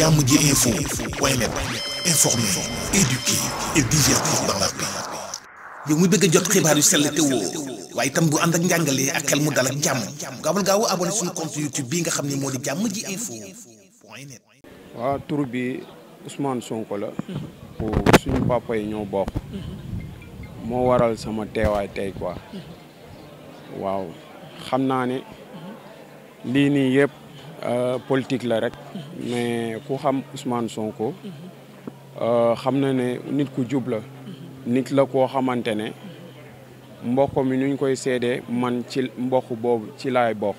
jàmm ji info waaye nag yow mi bëgg jot xibaar yu sell te woo waaye itam bu ànd ak njàngalee ak xel mu dal ak jàmm gaawal gaaw abonné suñu compte YouTube bi nga xam ne moo di jàmm ji info. waaw tur bi Ousmane Sonko la. Mhm. suñu papa yi ñoo bokk. Mhm. moo waral sama teewaay tey quoi. Mhm. waaw xam naa ne lii nii yëpp Euh, politique la rek. mais ku xam Ousmane Sonko. Euh, xam na ne nit ku jub la. nit la koo xamante ne mbokk mi nuñ koy seedee man ci mbokk boobu ci laay bokk.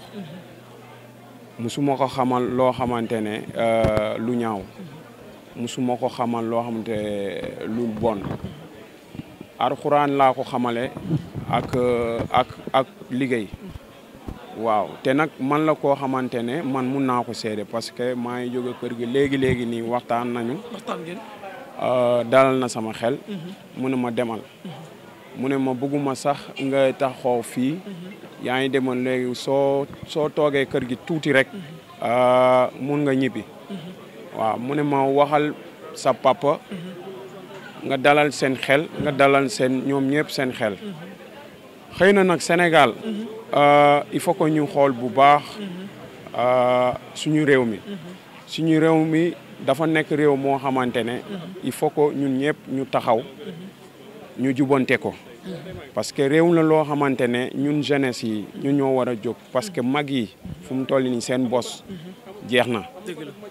musuma ko xamal loo xamante ne euh, lu ñaaw musuma ko xamal loo xamante lu bon alxuraan laa ko xamale ak ak ak liggéey waaw te nag man la koo xamante ne man mun naa ko seede parce que maa ngi jóge kër gi léegi léegi nii waxtaan nañu. waxtaan ngeen. Euh, dalal na sama xel. Mhm. mu ne ma demal. Mhm. mu ne ma bëgguma sax nga taxaw fii. Mhm. yaa ngi demoon léegi soo soo toogee kër gi tuuti rek. Euh, mun nga ñibbi. waaw mu ne ma waxal sa papa. nga dalal seen xel nga dalal seen ñoom ñëpp seen xel. xëy na nag Sénégal. Euh, il faut ko ñu xool bu baax mhm. euh, suñu réew mi mhm. suñu réew mi dafa nekk réew moo xamante ne mhm. il faut ko ñun ñëpp ñu taxaw ñu jubante ko parce que réew la loo xamante ne ñun jeunesse yi ñun ñoo war a jóg parce que mag yi fu mu toll nii seen bos jeex na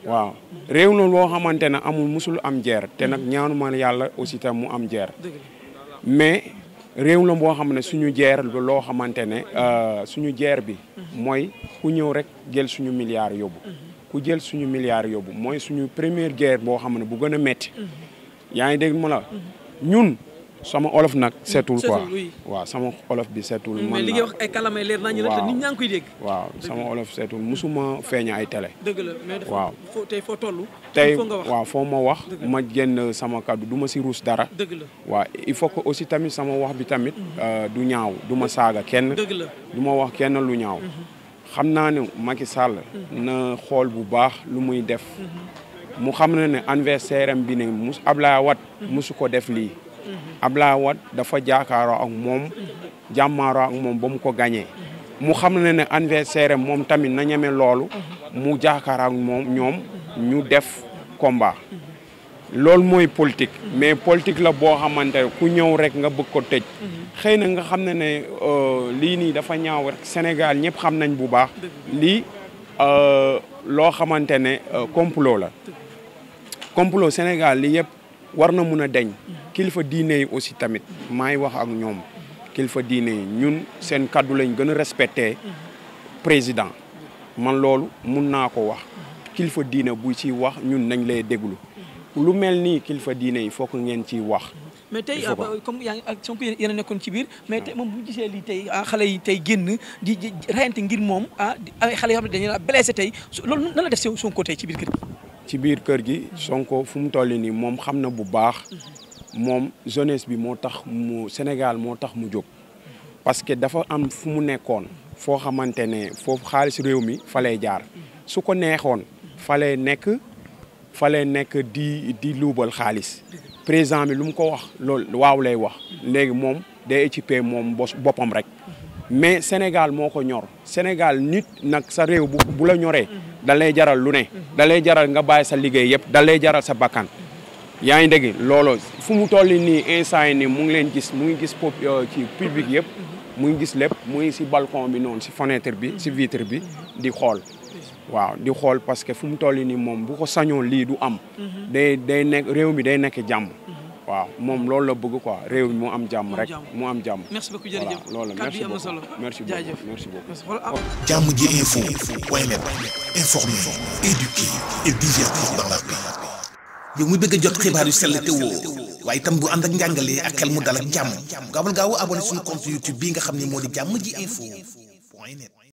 waaw réew la loo xamante ne amul musul am jeer te nag ñaanuma yàlla aussi tam mu am jeer mais réew la boo xam ne suñu jeer loo xamante ne euh, suñu jeer bi mooy ku ñëw rek jël suñu milliards yóbbu ku jël suñu milliards yóbbu mooy suñu première guerre boo xam ne bu gën a metti mhm. yaa ngi dégg ma la ñun sama olof nag seetul quoi waaw sama olof bi seetul man li ngay wax ay kalamay leer nañu rek te nit ñaa ngi waaw sama olof seetul musuma feeñ ay télé dëgg tey foo foo ma wax ma genn sama kaddu du ma si ruus dara dëgg la waaw il faut que aussi tamit sama wax bi tamit mhm. euh, du ñaaw du ma saaga kenn dëgg la ma wax kenn lu ñaaw mhm. xam naa ni Macky Sall mhm. na xool bu baax lu muy def mu xam na ne anniversaire am bi ne mus Ablaye Wade musu ko def lii Abdoulaye Wade dafa jaakaaroo ak moom jàmmaaroo ak moom ba mu ko gañee mu xam na ne adversaire moom tamit na ñeme loolu mu jaakaar ak moom ñoom ñu def combat loolu mooy politique mais politique la boo xamante ne ku ñëw rek nga bëgg ko tëj xëy na nga xam ne ne euh, lii nii dafa ñaaw rek Sénégal ñëpp xam nañ bu baax lii euh, loo xamante ne euh, complot la complot Sénégal li yëpp war na mun a deñ kilifa diine yi aussi tamit maay wax ak ñoom kilifa diine yi ñun seen kàddu lañ gën a respecté président man loolu mun naa ko wax kilifa diine bu ci wax ñun nañ lay déglu lu mel nii kilifa diine yi fokk ngeen ciy wax. mais tey euh, comme yaa ak Sonko yéen a nekkoon ci biir mais tey moom bu ñu lii tey ah, xale yi tey génn di reyante ngir moom ah ay xale yoo xam ne dañu a blessé tey loolu nan la def Sonko tey ci biir kër gi. ci biir kër gi Sonko fu mu toll nii moom xam na bu baax. Mhm. moom jeunesse bi moo tax mu Sénégal moo tax mu jóg parce que dafa am fu mu nekkoon foo xamante ne foofu xaalis réew mi fa lay jaar su ko neexoon falay nekk falay nekk di di luubal xaalis président bi lu mu ko wax loolu waaw lay wax léegi moom day équipé moom boppam rek mais Sénégal moo ko ñor Sénégal nit nag sa réew bu bu la ñoree da lay jaral lu ne da lay jaral nga bàyyi sa liggéey yëpp da lay jaral sa bakkan yaa ngi dégg looloo fu mu toll nii instant yi nii mu ngi leen gis mu ngi gis pop ci euh, public yëpp mu ngi gis lépp muy si balcon bi noonu si fenêtre bi si vitre bi di xool waaw di xool parce que fu mu toll nii moom bu ko sañoon lii du am day day nekk réew mi day nekk jàmm waaw moom loolu la bëgg quoi réew mi mu am jàmm rek mu am jàmm merci beaucoup jërëjëf loolu la merci beaucoup merci beaucoup merci beaucoup jàmm ji info point net informer éduquer et divertir dans la yow mu bëgg a jot xibaar yu sell te woo waaye itam bu ànd ak njàngalee ak xel mu dal ak jàmm gaawal gaaw abonné suñu compte YouTube bii nga xam ni moo di jàmm ji info